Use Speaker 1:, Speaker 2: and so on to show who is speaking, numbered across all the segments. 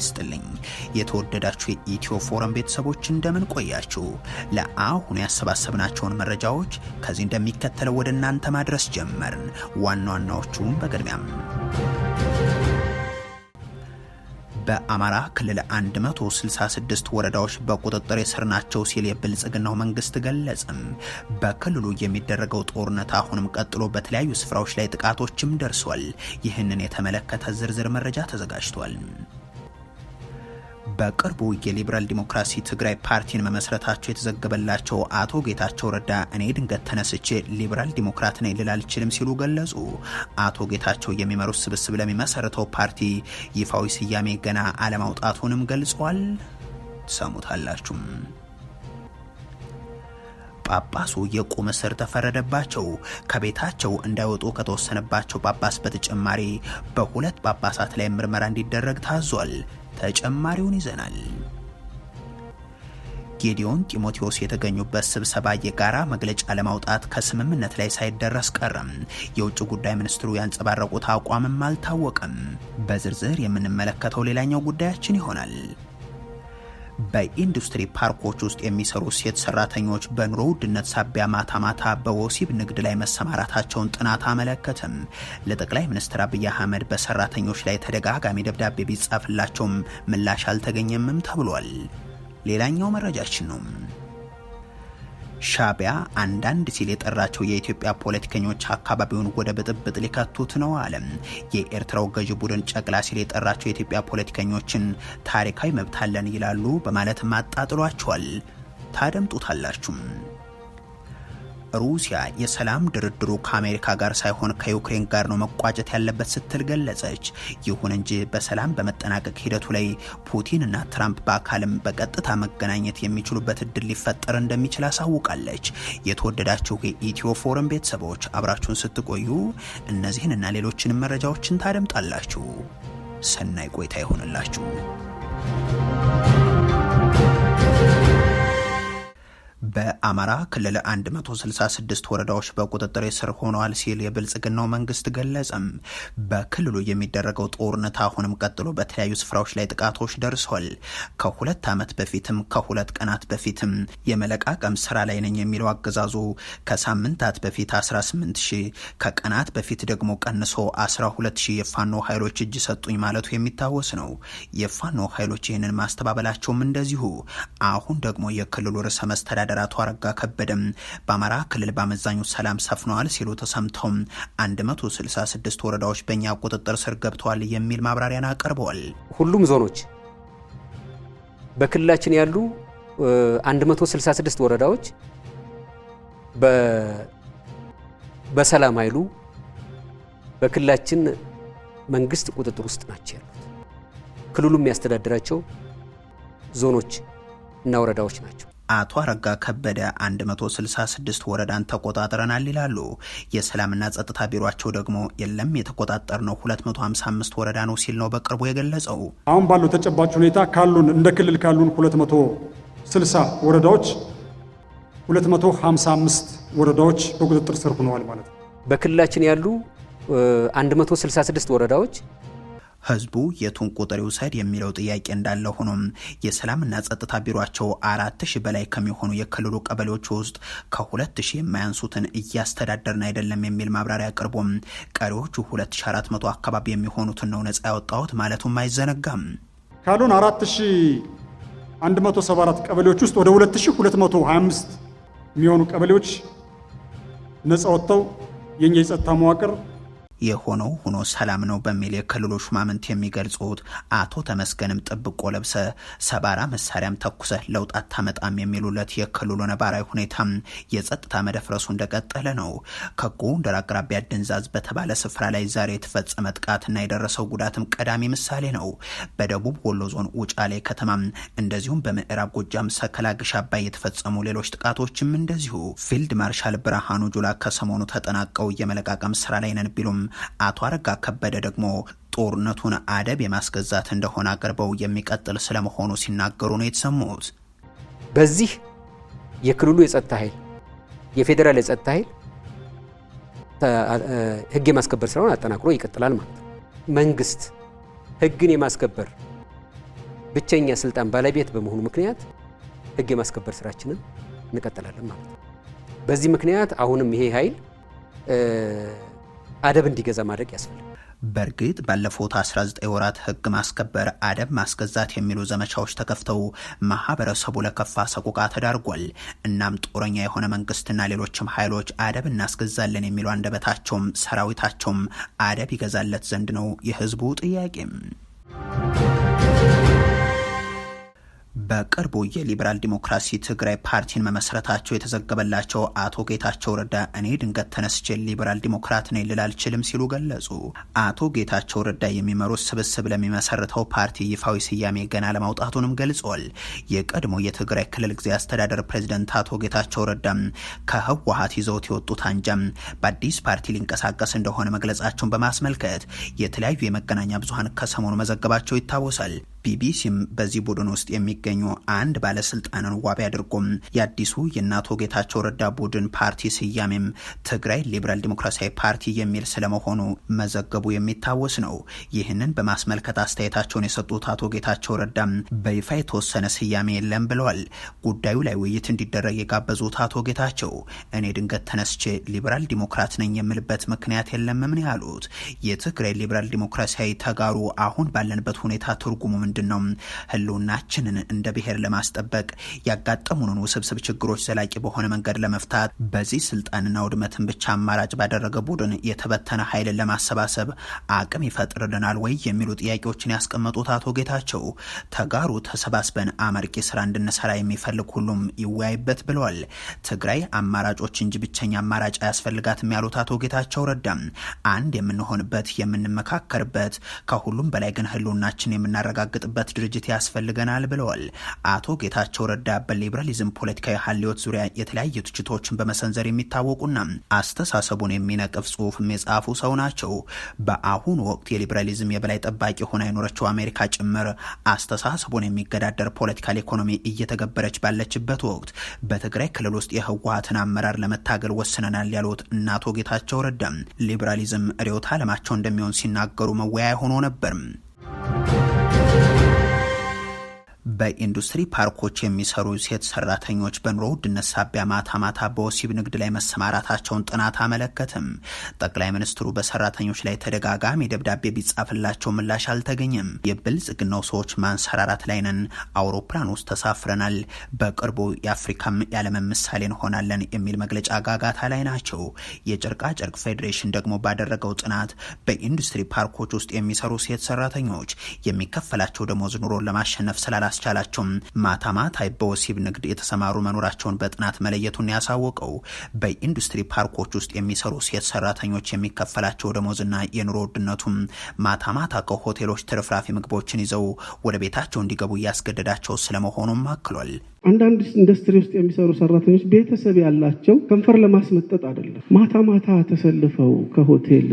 Speaker 1: ይስጥልኝ። የተወደዳችሁ የኢትዮ ፎረም ቤተሰቦች እንደምን ቆያችሁ? ለአሁኑ ያሰባሰብናቸውን መረጃዎች ከዚህ እንደሚከተለው ወደ እናንተ ማድረስ ጀመርን። ዋና ዋናዎቹም በቅድሚያም በአማራ ክልል 166 ወረዳዎች በቁጥጥር የስር ናቸው ሲል የብልጽግናው መንግስት ገለጽም። በክልሉ የሚደረገው ጦርነት አሁንም ቀጥሎ በተለያዩ ስፍራዎች ላይ ጥቃቶችም ደርሷል። ይህንን የተመለከተ ዝርዝር መረጃ ተዘጋጅቷል። በቅርቡ የሊበራል ዲሞክራሲ ትግራይ ፓርቲን መመስረታቸው የተዘገበላቸው አቶ ጌታቸው ረዳ እኔ ድንገት ተነስቼ ሊበራል ዲሞክራት ነኝ ልል አልችልም ሲሉ ገለጹ። አቶ ጌታቸው የሚመሩት ስብስብ ለሚመሰረተው ፓርቲ ይፋዊ ስያሜ ገና አለማውጣቱንም ገልጿል። ሰሙታላችሁም። ጳጳሱ የቁም እስር ተፈረደባቸው። ከቤታቸው እንዳይወጡ ከተወሰነባቸው ጳጳስ በተጨማሪ በሁለት ጳጳሳት ላይ ምርመራ እንዲደረግ ታዟል። ተጨማሪውን ይዘናል። ጌዲዮን ጢሞቴዎስ የተገኙበት ስብሰባ የጋራ መግለጫ ለማውጣት ከስምምነት ላይ ሳይደረስ ቀረም። የውጭ ጉዳይ ሚኒስትሩ ያንጸባረቁት አቋምም አልታወቀም። በዝርዝር የምንመለከተው ሌላኛው ጉዳያችን ይሆናል። በኢንዱስትሪ ፓርኮች ውስጥ የሚሰሩ ሴት ሰራተኞች በኑሮ ውድነት ሳቢያ ማታ ማታ በወሲብ ንግድ ላይ መሰማራታቸውን ጥናት አመለከትም። ለጠቅላይ ሚኒስትር አብይ አህመድ በሰራተኞች ላይ ተደጋጋሚ ደብዳቤ ቢጻፍላቸውም ምላሽ አልተገኘምም ተብሏል። ሌላኛው መረጃችን ነው። ሻቢያ አንዳንድ ሲል የጠራቸው የኢትዮጵያ ፖለቲከኞች አካባቢውን ወደ ብጥብጥ ሊከቱት ነው አለም። የኤርትራው ገዢ ቡድን ጨቅላ ሲል የጠራቸው የኢትዮጵያ ፖለቲከኞችን ታሪካዊ መብት አለን ይላሉ በማለት አጣጥሏቸዋል። ታደምጡታላችሁም። ሩሲያ የሰላም ድርድሩ ከአሜሪካ ጋር ሳይሆን ከዩክሬን ጋር ነው መቋጨት ያለበት ስትል ገለጸች። ይሁን እንጂ በሰላም በመጠናቀቅ ሂደቱ ላይ ፑቲን እና ትራምፕ በአካልም በቀጥታ መገናኘት የሚችሉበት እድል ሊፈጠር እንደሚችል አሳውቃለች። የተወደዳችሁ የኢትዮ ፎረም ቤተሰቦች አብራችሁን ስትቆዩ እነዚህን እና ሌሎችንም መረጃዎችን ታደምጣላችሁ። ሰናይ ቆይታ ይሆንላችሁ። በአማራ ክልል 166 ወረዳዎች በቁጥጥር ስር ሆነዋል ሲል የብልጽግናው መንግስት ገለጸም። በክልሉ የሚደረገው ጦርነት አሁንም ቀጥሎ በተለያዩ ስፍራዎች ላይ ጥቃቶች ደርሷል። ከሁለት ዓመት በፊትም ከሁለት ቀናት በፊትም የመለቃቀም ስራ ላይ ነኝ የሚለው አገዛዙ ከሳምንታት በፊት 18 ሺህ ከቀናት በፊት ደግሞ ቀንሶ 12 ሺ የፋኖ ኃይሎች እጅ ሰጡኝ ማለቱ የሚታወስ ነው። የፋኖ ኃይሎች ይህንን ማስተባበላቸውም እንደዚሁ። አሁን ደግሞ የክልሉ ርዕሰ መስተዳደ አስተዳደር አቶ አረጋ ከበደም በአማራ ክልል በአመዛኙ ሰላም ሰፍነዋል ሲሉ ተሰምተው 166 ወረዳዎች በእኛ ቁጥጥር ስር ገብተዋል የሚል ማብራሪያን አቅርበዋል።
Speaker 2: ሁሉም ዞኖች በክልላችን ያሉ 166 ወረዳዎች በሰላም ኃይሉ በክልላችን መንግስት ቁጥጥር ውስጥ ናቸው ያሉት። ክልሉ የሚያስተዳድራቸው ዞኖች እና ወረዳዎች ናቸው።
Speaker 1: አቶ አረጋ ከበደ 166 ወረዳን ተቆጣጥረናል ይላሉ። የሰላምና ጸጥታ ቢሮቸው ደግሞ የለም የተቆጣጠርነው 255 ወረዳ ነው ሲል ነው በቅርቡ የገለጸው።
Speaker 3: አሁን ባለው ተጨባጭ ሁኔታ ካሉን እንደ ክልል ካሉን 260 ወረዳዎች 255 ወረዳዎች በቁጥጥር ስር ሆነዋል ማለት ነው።
Speaker 2: በክልላችን ያሉ 166 ወረዳዎች
Speaker 1: ህዝቡ የቱን ቁጥር ይውሰድ የሚለው ጥያቄ እንዳለ ሆኖም የሰላምና ጸጥታ ቢሯቸው አራት ሺህ በላይ ከሚሆኑ የክልሉ ቀበሌዎች ውስጥ ከሁለት ሺህ የማያንሱትን እያስተዳደርን አይደለም የሚል ማብራሪያ አቅርቦም ቀሪዎቹ መቶ አካባቢ የሚሆኑትን ነው ነጻ ያወጣሁት ማለቱም አይዘነጋም።
Speaker 3: ካሉን 4174 ቀበሌዎች ውስጥ ወደ አምስት የሚሆኑ ቀበሌዎች ነጻ ወጥተው የእኛ የጸጥታ መዋቅር
Speaker 1: የሆነው ሆኖ ሰላም ነው በሚል የክልሉ ሹማምንት የሚገልጹት አቶ ተመስገንም ጥብቆ ለብሰ ሰባራ መሳሪያም ተኩሰ ለውጥ አታመጣም የሚሉለት የክልሉ ነባራዊ ሁኔታም የጸጥታ መደፍረሱ እንደቀጠለ ነው። ከጎንደር አቅራቢያ ድንዛዝ በተባለ ስፍራ ላይ ዛሬ የተፈጸመ ጥቃትና የደረሰው ጉዳትም ቀዳሚ ምሳሌ ነው። በደቡብ ወሎ ዞን ውጫሌ ከተማም እንደዚሁም በምዕራብ ጎጃም ሰከላ ግሽ አባይ የተፈጸሙ ሌሎች ጥቃቶችም እንደዚሁ ፊልድ ማርሻል ብርሃኑ ጁላ ከሰሞኑ ተጠናቀው የመለቃቀም ስራ ላይ ነን ቢሉም አቶ አረጋ ከበደ ደግሞ ጦርነቱን አደብ የማስገዛት እንደሆነ አቅርበው የሚቀጥል ስለመሆኑ ሲናገሩ ነው የተሰሙት።
Speaker 2: በዚህ የክልሉ የጸጥታ ኃይል የፌዴራል የጸጥታ ኃይል ህግ የማስከበር ስራውን አጠናክሮ ይቀጥላል ማለት ነው። መንግስት ህግን የማስከበር ብቸኛ ስልጣን ባለቤት በመሆኑ ምክንያት ህግ የማስከበር ስራችንን እንቀጥላለን ማለት ነው። በዚህ ምክንያት አሁንም ይሄ ኃይል አደብ እንዲገዛ ማድረግ ያስፈልጋል።
Speaker 1: በእርግጥ ባለፉት 19 ወራት ህግ ማስከበር አደብ ማስገዛት የሚሉ ዘመቻዎች ተከፍተው ማህበረሰቡ ለከፋ ሰቆቃ ተዳርጓል። እናም ጦረኛ የሆነ መንግስትና ሌሎችም ኃይሎች አደብ እናስገዛለን የሚሉ አንደበታቸውም ሰራዊታቸውም አደብ ይገዛለት ዘንድ ነው የህዝቡ ጥያቄም። በቅርቡ የሊበራል ዲሞክራሲ ትግራይ ፓርቲን መመስረታቸው የተዘገበላቸው አቶ ጌታቸው ረዳ እኔ ድንገት ተነስቼ ሊበራል ዲሞክራት ነኝ ልል አልችልም ሲሉ ገለጹ። አቶ ጌታቸው ረዳ የሚመሩት ስብስብ ለሚመሰርተው ፓርቲ ይፋዊ ስያሜ ገና ለማውጣቱንም ገልጿል። የቀድሞ የትግራይ ክልል ጊዜ አስተዳደር ፕሬዚደንት አቶ ጌታቸው ረዳ ከህወሀት ይዘውት የወጡት አንጃም በአዲስ ፓርቲ ሊንቀሳቀስ እንደሆነ መግለጻቸውን በማስመልከት የተለያዩ የመገናኛ ብዙሀን ከሰሞኑ መዘገባቸው ይታወሳል። ቢቢሲም በዚህ ቡድን ውስጥ የሚገኙ አንድ ባለስልጣንን ዋቢ አድርጎም የአዲሱ የእናቶ ጌታቸው ረዳ ቡድን ፓርቲ ስያሜም ትግራይ ሊበራል ዲሞክራሲያዊ ፓርቲ የሚል ስለመሆኑ መዘገቡ የሚታወስ ነው። ይህንን በማስመልከት አስተያየታቸውን የሰጡት አቶ ጌታቸው ረዳም በይፋ የተወሰነ ስያሜ የለም ብለዋል። ጉዳዩ ላይ ውይይት እንዲደረግ የጋበዙት አቶ ጌታቸው እኔ ድንገት ተነስቼ ሊበራል ዲሞክራት ነኝ የምልበት ምክንያት የለም ያሉት የትግራይ ሊበራል ዲሞክራሲያዊ ተጋሩ አሁን ባለንበት ሁኔታ ትርጉሙ ምንድን ነው? ህልውናችንን እንደ ብሔር ለማስጠበቅ ያጋጠሙንን ውስብስብ ችግሮች ዘላቂ በሆነ መንገድ ለመፍታት በዚህ ስልጣንና ውድመትን ብቻ አማራጭ ባደረገ ቡድን የተበተነ ኃይልን ለማሰባሰብ አቅም ይፈጥርልናል ወይ የሚሉ ጥያቄዎችን ያስቀመጡት አቶ ጌታቸው ተጋሩ ተሰባስበን አመርቂ ስራ እንድንሰራ የሚፈልግ ሁሉም ይወያይበት ብለዋል። ትግራይ አማራጮች እንጂ ብቸኛ አማራጭ አያስፈልጋትም ያሉት አቶ ጌታቸው ረዳም አንድ የምንሆንበት የምንመካከርበት ከሁሉም በላይ ግን ህልውናችን የምናረጋግጥ የምንለውጥበት ድርጅት ያስፈልገናል ብለዋል። አቶ ጌታቸው ረዳ በሊብራሊዝም ፖለቲካዊ ሀልዮት ዙሪያ የተለያዩ ትችቶችን በመሰንዘር የሚታወቁና አስተሳሰቡን የሚነቅፍ ጽሁፍም የጻፉ ሰው ናቸው። በአሁኑ ወቅት የሊብራሊዝም የበላይ ጠባቂ ሆና የኖረችው አሜሪካ ጭምር አስተሳሰቡን የሚገዳደር ፖለቲካል ኢኮኖሚ እየተገበረች ባለችበት ወቅት በትግራይ ክልል ውስጥ የህወሀትን አመራር ለመታገል ወስነናል ያሉት እናቶ ጌታቸው ረዳ ሊብራሊዝም ርዕዮተ ዓለማቸው እንደሚሆን ሲናገሩ መወያያ ሆኖ ነበር። በኢንዱስትሪ ፓርኮች የሚሰሩ ሴት ሰራተኞች በኑሮ ውድነት ሳቢያ ማታ ማታ በወሲብ ንግድ ላይ መሰማራታቸውን ጥናት አመለከትም። ጠቅላይ ሚኒስትሩ በሰራተኞች ላይ ተደጋጋሚ ደብዳቤ ቢጻፍላቸው ምላሽ አልተገኘም። የብልጽግናው ሰዎች ማንሰራራት ላይ ነን፣ አውሮፕላን ውስጥ ተሳፍረናል፣ በቅርቡ የአፍሪካም የዓለምን ምሳሌ እንሆናለን የሚል መግለጫ ጋጋታ ላይ ናቸው። የጨርቃ ጨርቅ ፌዴሬሽን ደግሞ ባደረገው ጥናት በኢንዱስትሪ ፓርኮች ውስጥ የሚሰሩ ሴት ሰራተኞች የሚከፈላቸው ደሞዝ ኑሮን ለማሸነፍ ስላላ አስቻላቸውም ማታ ማታ በወሲብ ንግድ የተሰማሩ መኖራቸውን በጥናት መለየቱን ያሳወቀው በኢንዱስትሪ ፓርኮች ውስጥ የሚሰሩ ሴት ሰራተኞች የሚከፈላቸው ደሞዝና የኑሮ ውድነቱም ማታ ማታ ከሆቴሎች ትርፍራፊ ምግቦችን ይዘው ወደ ቤታቸው እንዲገቡ እያስገደዳቸው ስለመሆኑም አክሏል።
Speaker 4: አንዳንድ ኢንዱስትሪ ውስጥ የሚሰሩ ሰራተኞች ቤተሰብ ያላቸው ከንፈር ለማስመጠጥ አይደለም። ማታ ማታ ተሰልፈው ከሆቴል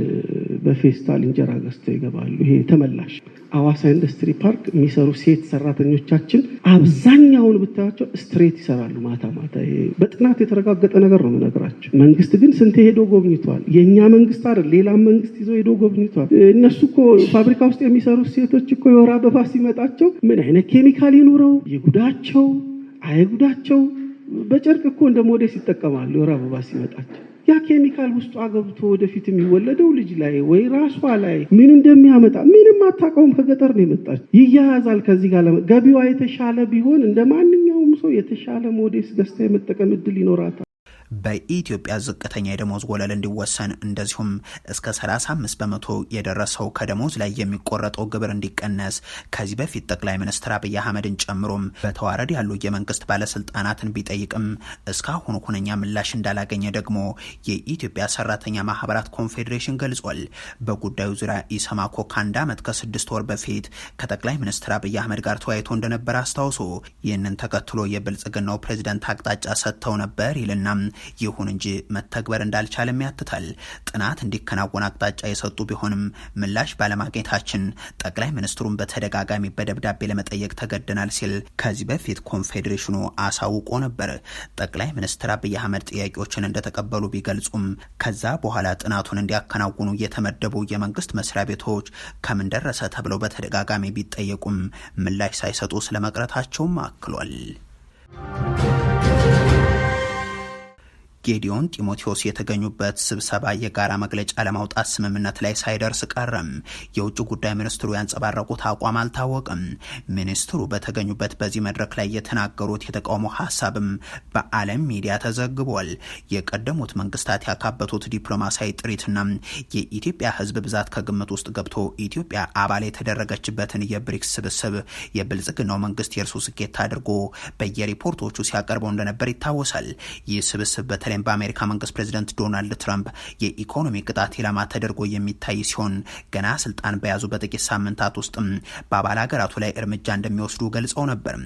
Speaker 4: በፌስታል እንጀራ ገዝተው ይገባሉ። ይሄ ተመላሽ አዋሳ ኢንዱስትሪ ፓርክ የሚሰሩ ሴት ሰራተኞቻችን አብዛኛውን ብታያቸው ስትሬት ይሰራሉ ማታ ማታ። በጥናት የተረጋገጠ ነገር ነው የምነግራቸው። መንግስት ግን ስንት ሄዶ ጎብኝቷል። የእኛ መንግስት አይደል፣ ሌላም መንግስት ይዞ ሄዶ ጎብኝቷል። እነሱ እኮ ፋብሪካ ውስጥ የሚሰሩ ሴቶች እኮ የወር አበባ ሲመጣቸው ምን አይነት ኬሚካል ይኑረው ይጉዳቸው አይጉዳቸው። በጨርቅ እኮ እንደ ሞዴስ ይጠቀማሉ። የወር አበባ ሲመጣቸው ያ ኬሚካል ውስጧ ገብቶ ወደፊት የሚወለደው ልጅ ላይ ወይ ራሷ ላይ ምን እንደሚያመጣ ምንም አታውቀውም። ከገጠር ነው የመጣች ይያያዛል። ከዚህ ጋር ገቢዋ የተሻለ ቢሆን እንደ ማንኛውም ሰው የተሻለ ሞዴስ ገዝታ የመጠቀም እድል ይኖራታል።
Speaker 1: በኢትዮጵያ ዝቅተኛ የደሞዝ ወለል እንዲወሰን እንደዚሁም እስከ 35 በመቶ የደረሰው ከደሞዝ ላይ የሚቆረጠው ግብር እንዲቀነስ ከዚህ በፊት ጠቅላይ ሚኒስትር አብይ አህመድን ጨምሮም በተዋረድ ያሉ የመንግስት ባለስልጣናትን ቢጠይቅም እስካሁን ሁነኛ ምላሽ እንዳላገኘ ደግሞ የኢትዮጵያ ሰራተኛ ማህበራት ኮንፌዴሬሽን ገልጿል። በጉዳዩ ዙሪያ ኢሰማኮ ከአንድ ዓመት ከስድስት ወር በፊት ከጠቅላይ ሚኒስትር አብይ አህመድ ጋር ተወያይቶ እንደነበር አስታውሶ ይህንን ተከትሎ የብልጽግናው ፕሬዚደንት አቅጣጫ ሰጥተው ነበር ይልና ይሁን እንጂ መተግበር እንዳልቻለም ያትታል። ጥናት እንዲከናወን አቅጣጫ የሰጡ ቢሆንም ምላሽ ባለማግኘታችን ጠቅላይ ሚኒስትሩን በተደጋጋሚ በደብዳቤ ለመጠየቅ ተገደናል ሲል ከዚህ በፊት ኮንፌዴሬሽኑ አሳውቆ ነበር። ጠቅላይ ሚኒስትር አብይ አህመድ ጥያቄዎችን እንደተቀበሉ ቢገልጹም ከዛ በኋላ ጥናቱን እንዲያከናውኑ የተመደቡ የመንግስት መስሪያ ቤቶች ከምን ደረሰ ተብለው በተደጋጋሚ ቢጠየቁም ምላሽ ሳይሰጡ ስለመቅረታቸውም አክሏል። ጌዲዮን ጢሞቴዎስ የተገኙበት ስብሰባ የጋራ መግለጫ ለማውጣት ስምምነት ላይ ሳይደርስ ቀረም። የውጭ ጉዳይ ሚኒስትሩ ያንጸባረቁት አቋም አልታወቅም። ሚኒስትሩ በተገኙበት በዚህ መድረክ ላይ የተናገሩት የተቃውሞ ሀሳብም በዓለም ሚዲያ ተዘግቧል። የቀደሙት መንግስታት ያካበቱት ዲፕሎማሲያዊ ጥሪትና የኢትዮጵያ ሕዝብ ብዛት ከግምት ውስጥ ገብቶ ኢትዮጵያ አባል የተደረገችበትን የብሪክስ ስብስብ የብልጽግናው መንግስት የእርሱ ስኬት አድርጎ በየሪፖርቶቹ ሲያቀርበው እንደነበር ይታወሳል። ይህ ስብስብ በተለይ በተለይም በአሜሪካ መንግስት ፕሬዚደንት ዶናልድ ትራምፕ የኢኮኖሚ ቅጣት ኢላማ ተደርጎ የሚታይ ሲሆን ገና ስልጣን በያዙ በጥቂት ሳምንታት ውስጥም በአባል ሀገራቱ ላይ እርምጃ እንደሚወስዱ ገልጸው ነበር።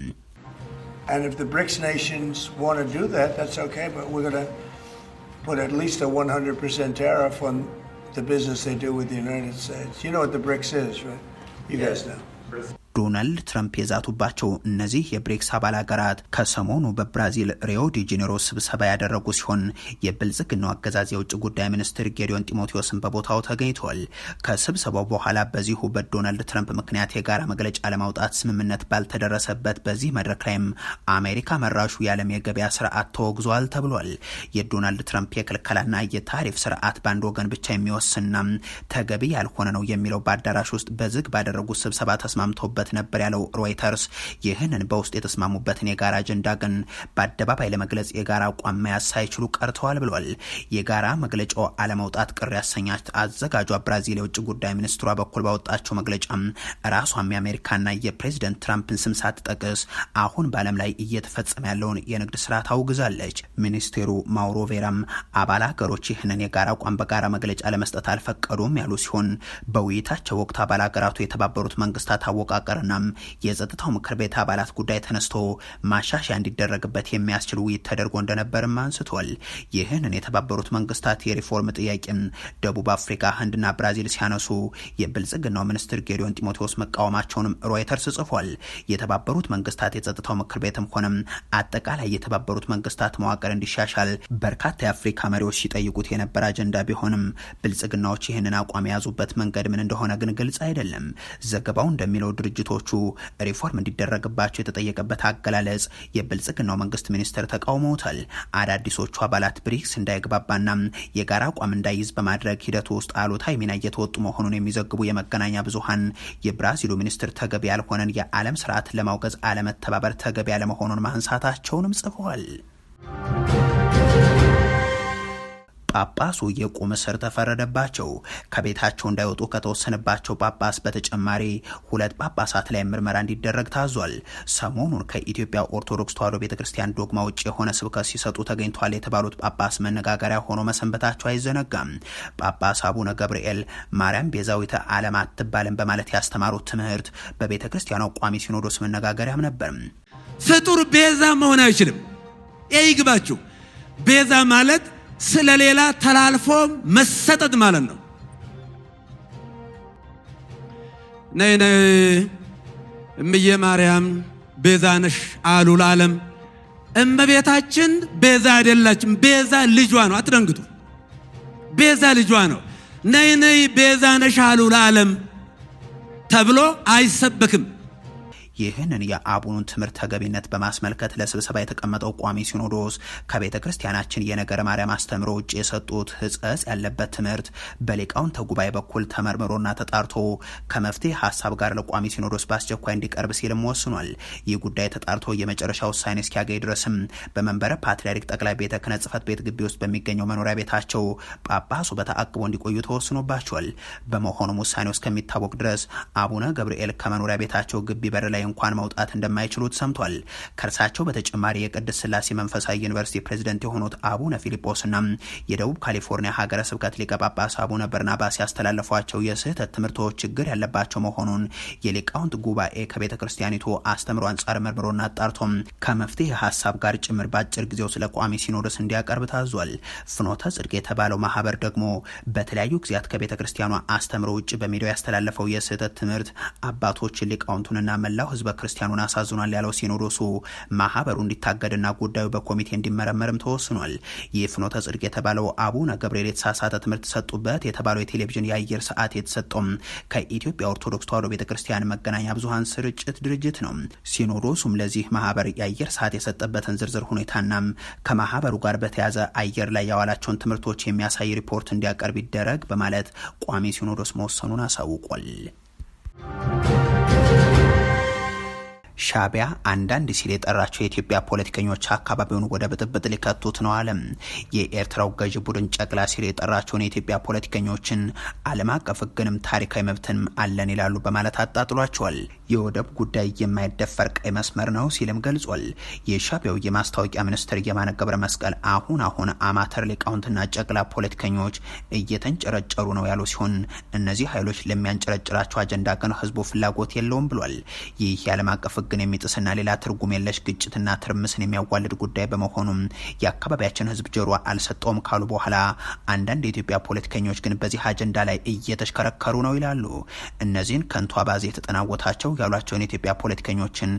Speaker 5: ሪክስ
Speaker 1: ዶናልድ ትራምፕ የዛቱባቸው እነዚህ የብሪክስ አባል ሀገራት ከሰሞኑ በብራዚል ሪዮ ዲ ጄኔሮ ስብሰባ ያደረጉ ሲሆን የብልጽግናው አገዛዝ የውጭ ጉዳይ ሚኒስትር ጌዲዮን ጢሞቴዎስን በቦታው ተገኝቷል። ከስብሰባው በኋላ በዚሁ በዶናልድ ትራምፕ ምክንያት የጋራ መግለጫ ለማውጣት ስምምነት ባልተደረሰበት በዚህ መድረክ ላይም አሜሪካ መራሹ የዓለም የገበያ ስርዓት ተወግዟል ተብሏል። የዶናልድ ትራምፕ የክልከላና የታሪፍ ስርዓት በአንድ ወገን ብቻ የሚወስንና ተገቢ ያልሆነ ነው የሚለው በአዳራሽ ውስጥ በዝግ ባደረጉት ስብሰባ ተስማምቶበት ተደርሶበት ነበር ያለው ሮይተርስ ይህንን በውስጥ የተስማሙበትን የጋራ አጀንዳ ግን በአደባባይ ለመግለጽ የጋራ አቋም መያዝ ሳይችሉ ቀርተዋል ብሏል። የጋራ መግለጫው አለመውጣት ቅር ያሰኛት አዘጋጇ ብራዚል የውጭ ጉዳይ ሚኒስትሯ በኩል ባወጣቸው መግለጫ ራሷም የአሜሪካና የፕሬዚደንት ትራምፕን ስም ሳትጠቅስ አሁን በዓለም ላይ እየተፈጸመ ያለውን የንግድ ስራ ታውግዛለች። ሚኒስቴሩ ማውሮ ቬራም አባል ሀገሮች ይህንን የጋራ አቋም በጋራ መግለጫ ለመስጠት አልፈቀዱም ያሉ ሲሆን በውይይታቸው ወቅት አባል ሀገራቱ የተባበሩት መንግስታት አወቃቀር አመራርናም የጸጥታው ምክር ቤት አባላት ጉዳይ ተነስቶ ማሻሻያ እንዲደረግበት የሚያስችል ውይይት ተደርጎ እንደነበርም አንስቷል። ይህንን የተባበሩት መንግስታት የሪፎርም ጥያቄን ደቡብ አፍሪካ፣ ህንድና ብራዚል ሲያነሱ የብልጽግናው ሚኒስትር ጌዲዮን ጢሞቴዎስ መቃወማቸውንም ሮይተርስ ጽፏል። የተባበሩት መንግስታት የጸጥታው ምክር ቤትም ሆነም አጠቃላይ የተባበሩት መንግስታት መዋቅር እንዲሻሻል በርካታ የአፍሪካ መሪዎች ሲጠይቁት የነበረ አጀንዳ ቢሆንም ብልጽግናዎች ይህንን አቋም የያዙበት መንገድ ምን እንደሆነ ግን ግልጽ አይደለም። ዘገባው እንደሚለው ድርጅቱ ድርጅቶቹ ሪፎርም እንዲደረግባቸው የተጠየቀበት አገላለጽ የብልጽግናው መንግስት ሚኒስትር ተቃውመውታል። አዳዲሶቹ አባላት ብሪክስ እንዳይግባባና የጋራ አቋም እንዳይዝ በማድረግ ሂደቱ ውስጥ አሉታዊ ሚና እየተወጡ መሆኑን የሚዘግቡ የመገናኛ ብዙሃን የብራዚሉ ሚኒስትር ተገቢ ያልሆነን የዓለም ስርዓት ለማውገዝ አለመተባበር ተገቢ ያለመሆኑን ማንሳታቸውንም ጽፈዋል። ጳጳሱ የቁም እስር ተፈረደባቸው። ከቤታቸው እንዳይወጡ ከተወሰነባቸው ጳጳስ በተጨማሪ ሁለት ጳጳሳት ላይ ምርመራ እንዲደረግ ታዟል። ሰሞኑን ከኢትዮጵያ ኦርቶዶክስ ተዋሕዶ ቤተክርስቲያን ዶግማ ውጭ የሆነ ስብከት ሲሰጡ ተገኝቷል የተባሉት ጳጳስ መነጋገሪያ ሆኖ መሰንበታቸው አይዘነጋም። ጳጳስ አቡነ ገብርኤል ማርያም ቤዛዊተ ዓለም አትባልም በማለት ያስተማሩት ትምህርት በቤተ ክርስቲያኗ ቋሚ ሲኖዶስ መነጋገሪያም ነበር።
Speaker 6: ፍጡር ቤዛ መሆን አይችልም። ይግባችሁ። ቤዛ ማለት ስለሌላ ተላልፎ መሰጠት ማለት ነው። ነይ ነይ እምየ ማርያም ቤዛ ነሽ አሉ ለዓለም። እመቤታችን ቤዛ አይደላችም ቤዛ ልጇ ነው። አትደንግጡ። ቤዛ ልጇ ነው። ነይ ነይ ቤዛ ነሽ አሉ ለዓለም ተብሎ አይሰበክም።
Speaker 1: ይህንን የአቡኑን ትምህርት ተገቢነት በማስመልከት ለስብሰባ የተቀመጠው ቋሚ ሲኖዶስ ከቤተ ክርስቲያናችን የነገረ ማርያም አስተምሮ ውጭ የሰጡት ህጸጽ ያለበት ትምህርት በሊቃውንተ ጉባኤ በኩል ተመርምሮና ተጣርቶ ከመፍትሄ ሀሳብ ጋር ለቋሚ ሲኖዶስ በአስቸኳይ እንዲቀርብ ሲልም ወስኗል። ይህ ጉዳይ ተጣርቶ የመጨረሻ ውሳኔ እስኪያገኝ ድረስም በመንበረ ፓትርያርክ ጠቅላይ ቤተ ክህነት ጽሕፈት ቤት ግቢ ውስጥ በሚገኘው መኖሪያ ቤታቸው ጳጳሱ በተአቅቦ እንዲቆዩ ተወስኖባቸዋል። በመሆኑም ውሳኔው እስከሚታወቅ ድረስ አቡነ ገብርኤል ከመኖሪያ ቤታቸው ግቢ በር ላይ እንኳን መውጣት እንደማይችሉ ተሰምቷል። ከእርሳቸው በተጨማሪ የቅድስት ስላሴ መንፈሳዊ ዩኒቨርሲቲ ፕሬዚደንት የሆኑት አቡነ ፊልጶስና የደቡብ ካሊፎርኒያ ሀገረ ስብከት ሊቀ ጳጳስ አቡነ በርናባስ ያስተላለፏቸው የስህተት ትምህርቶች ችግር ያለባቸው መሆኑን የሊቃውንት ጉባኤ ከቤተ ክርስቲያኒቱ አስተምሮ አንጻር መርምሮና አጣርቶም ከመፍትሄ ሀሳብ ጋር ጭምር በአጭር ጊዜው ስለ ቋሚ ሲኖዶስ እንዲያቀርብ ታዟል። ፍኖተ ጽድቅ የተባለው ማህበር ደግሞ በተለያዩ ጊዜያት ከቤተ ክርስቲያኗ አስተምሮ ውጭ በሚዲያው ያስተላለፈው የስህተት ትምህርት አባቶችን ሊቃውንቱንና መላው ህዝበ ክርስቲያኑን አሳዝኗል ያለው ሲኖዶሱ ማህበሩ እንዲታገድና ጉዳዩ በኮሚቴ እንዲመረመርም ተወስኗል። የፍኖተ ጽድቅ የተባለው አቡነ ገብርኤል የተሳሳተ ትምህርት ሰጡበት የተባለው የቴሌቪዥን የአየር ሰዓት የተሰጠውም ከኢትዮጵያ ኦርቶዶክስ ተዋህዶ ቤተክርስቲያን መገናኛ ብዙሀን ስርጭት ድርጅት ነው። ሲኖዶሱም ለዚህ ማህበር የአየር ሰዓት የሰጠበትን ዝርዝር ሁኔታናም ከማህበሩ ጋር በተያዘ አየር ላይ ያዋላቸውን ትምህርቶች የሚያሳይ ሪፖርት እንዲያቀርብ ይደረግ በማለት ቋሚ ሲኖዶስ መወሰኑን አሳውቋል። ሻቢያ አንዳንድ ሲል የጠራቸው የኢትዮጵያ ፖለቲከኞች አካባቢውን ወደ ብጥብጥ ሊከቱት ነው አለም። የኤርትራው ገዢ ቡድን ጨቅላ ሲል የጠራቸውን የኢትዮጵያ ፖለቲከኞችን ዓለም አቀፍ ሕግንም ታሪካዊ መብትንም አለን ይላሉ በማለት አጣጥሏቸዋል። የወደብ ጉዳይ የማይደፈር ቀይ መስመር ነው ሲልም ገልጿል። የሻቢያው የማስታወቂያ ሚኒስትር የማነ ገብረ መስቀል አሁን አሁን አማተር ሊቃውንትና ጨቅላ ፖለቲከኞች እየተንጨረጨሩ ነው ያሉ ሲሆን እነዚህ ኃይሎች ለሚያንጨረጭራቸው አጀንዳ ግን ህዝቡ ፍላጎት የለውም ብሏል። ይህ የዓለም አቀፍ ህግን የሚጥስና ሌላ ትርጉም የለሽ ግጭትና ትርምስን የሚያዋልድ ጉዳይ በመሆኑም የአካባቢያችን ህዝብ ጆሮ አልሰጠውም ካሉ በኋላ አንዳንድ የኢትዮጵያ ፖለቲከኞች ግን በዚህ አጀንዳ ላይ እየተሽከረከሩ ነው ይላሉ። እነዚህን ከንቱ አባዜ የተጠናወታቸው ያሏቸውን የኢትዮጵያ ፖለቲከኞችን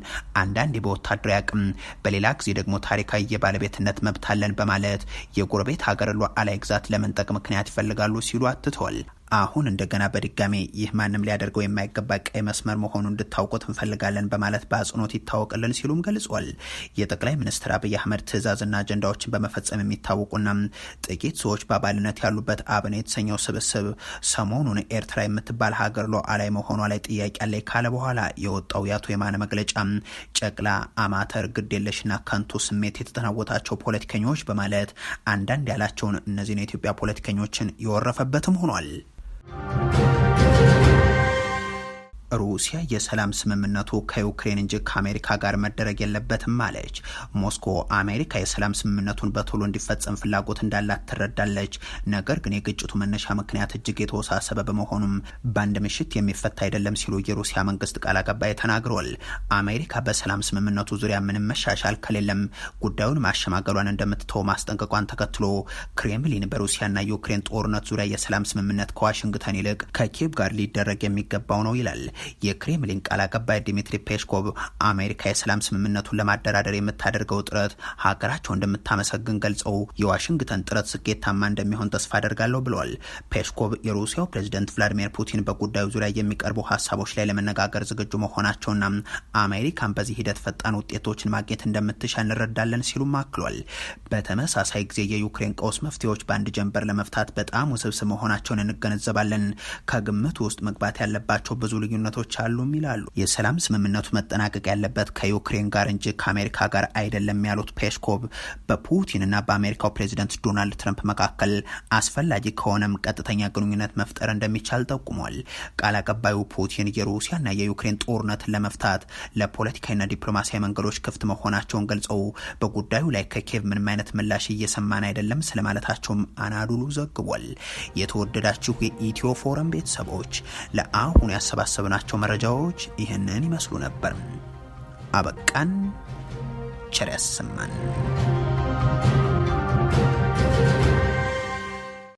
Speaker 1: አንዳንዴ በወታደራዊ አቅም፣ በሌላ ጊዜ ደግሞ ታሪካዊ የባለቤትነት መብት አለን በማለት የጎረቤት ሀገር ሉዓላዊ ግዛት ለመንጠቅ ምክንያት ይፈልጋሉ ሲሉ አትተዋል። አሁን እንደገና በድጋሜ ይህ ማንም ሊያደርገው የማይገባ ቀይ መስመር መሆኑ እንድታውቁት እንፈልጋለን በማለት በአጽንኦት ይታወቅልን ሲሉም ገልጿል። የጠቅላይ ሚኒስትር አብይ አህመድ ትእዛዝና አጀንዳዎችን በመፈጸም የሚታወቁና ጥቂት ሰዎች በአባልነት ያሉበት አብን የተሰኘው ስብስብ ሰሞኑን ኤርትራ የምትባል ሀገር ሉዓላዊ መሆኗ ላይ ጥያቄ አለኝ ካለ በኋላ የወጣው የአቶ የማነ መግለጫ ጨቅላ፣ አማተር፣ የለሽና ከንቱ ስሜት የተተናወታቸው ፖለቲከኞች በማለት አንዳንድ ያላቸውን እነዚህን የኢትዮጵያ ፖለቲከኞችን የወረፈበትም ሆኗል። ሩሲያ የሰላም ስምምነቱ ከዩክሬን እንጂ ከአሜሪካ ጋር መደረግ የለበትም አለች። ሞስኮ አሜሪካ የሰላም ስምምነቱን በቶሎ እንዲፈጸም ፍላጎት እንዳላት ትረዳለች። ነገር ግን የግጭቱ መነሻ ምክንያት እጅግ የተወሳሰበ በመሆኑም በአንድ ምሽት የሚፈታ አይደለም ሲሉ የሩሲያ መንግስት ቃል አቀባይ ተናግሯል። አሜሪካ በሰላም ስምምነቱ ዙሪያ ምንም መሻሻል ከሌለም ጉዳዩን ማሸማገሏን እንደምትተው ማስጠንቀቋን ተከትሎ ክሬምሊን በሩሲያና ዩክሬን ጦርነት ዙሪያ የሰላም ስምምነት ከዋሽንግተን ይልቅ ከኪየቭ ጋር ሊደረግ የሚገባው ነው ይላል። የክሬምሊን ቃል አቀባይ ዲሚትሪ ፔስኮቭ አሜሪካ የሰላም ስምምነቱን ለማደራደር የምታደርገው ጥረት ሀገራቸው እንደምታመሰግን ገልጸው የዋሽንግተን ጥረት ስኬታማ እንደሚሆን ተስፋ አደርጋለሁ ብለዋል። ፔስኮቭ የሩሲያው ፕሬዚደንት ቭላዲሚር ፑቲን በጉዳዩ ዙሪያ የሚቀርቡ ሀሳቦች ላይ ለመነጋገር ዝግጁ መሆናቸውና አሜሪካን በዚህ ሂደት ፈጣን ውጤቶችን ማግኘት እንደምትሻ እንረዳለን ሲሉም አክሏል። በተመሳሳይ ጊዜ የዩክሬን ቀውስ መፍትሄዎች በአንድ ጀንበር ለመፍታት በጣም ውስብስብ መሆናቸውን እንገነዘባለን። ከግምት ውስጥ መግባት ያለባቸው ብዙ ልዩነት ልዩነቶች አሉም ይላሉ። የሰላም ስምምነቱ መጠናቀቅ ያለበት ከዩክሬን ጋር እንጂ ከአሜሪካ ጋር አይደለም ያሉት ፔስኮቭ በፑቲንና በአሜሪካው ፕሬዚደንት ዶናልድ ትረምፕ መካከል አስፈላጊ ከሆነም ቀጥተኛ ግንኙነት መፍጠር እንደሚቻል ጠቁሟል። ቃል አቀባዩ ፑቲን የሩሲያና የዩክሬን ጦርነትን ለመፍታት ለፖለቲካዊና ዲፕሎማሲያዊ መንገዶች ክፍት መሆናቸውን ገልጸው በጉዳዩ ላይ ከኬቭ ምንም አይነት ምላሽ እየሰማን አይደለም ስለማለታቸውም አናዱሉ ዘግቧል። የተወደዳችሁ የኢትዮ ፎረም ቤተሰቦች ለአሁኑ ያሰባሰብናል የያዝናቸው መረጃዎች ይህንን ይመስሉ ነበር። አበቃን። ቸር ያሰማን።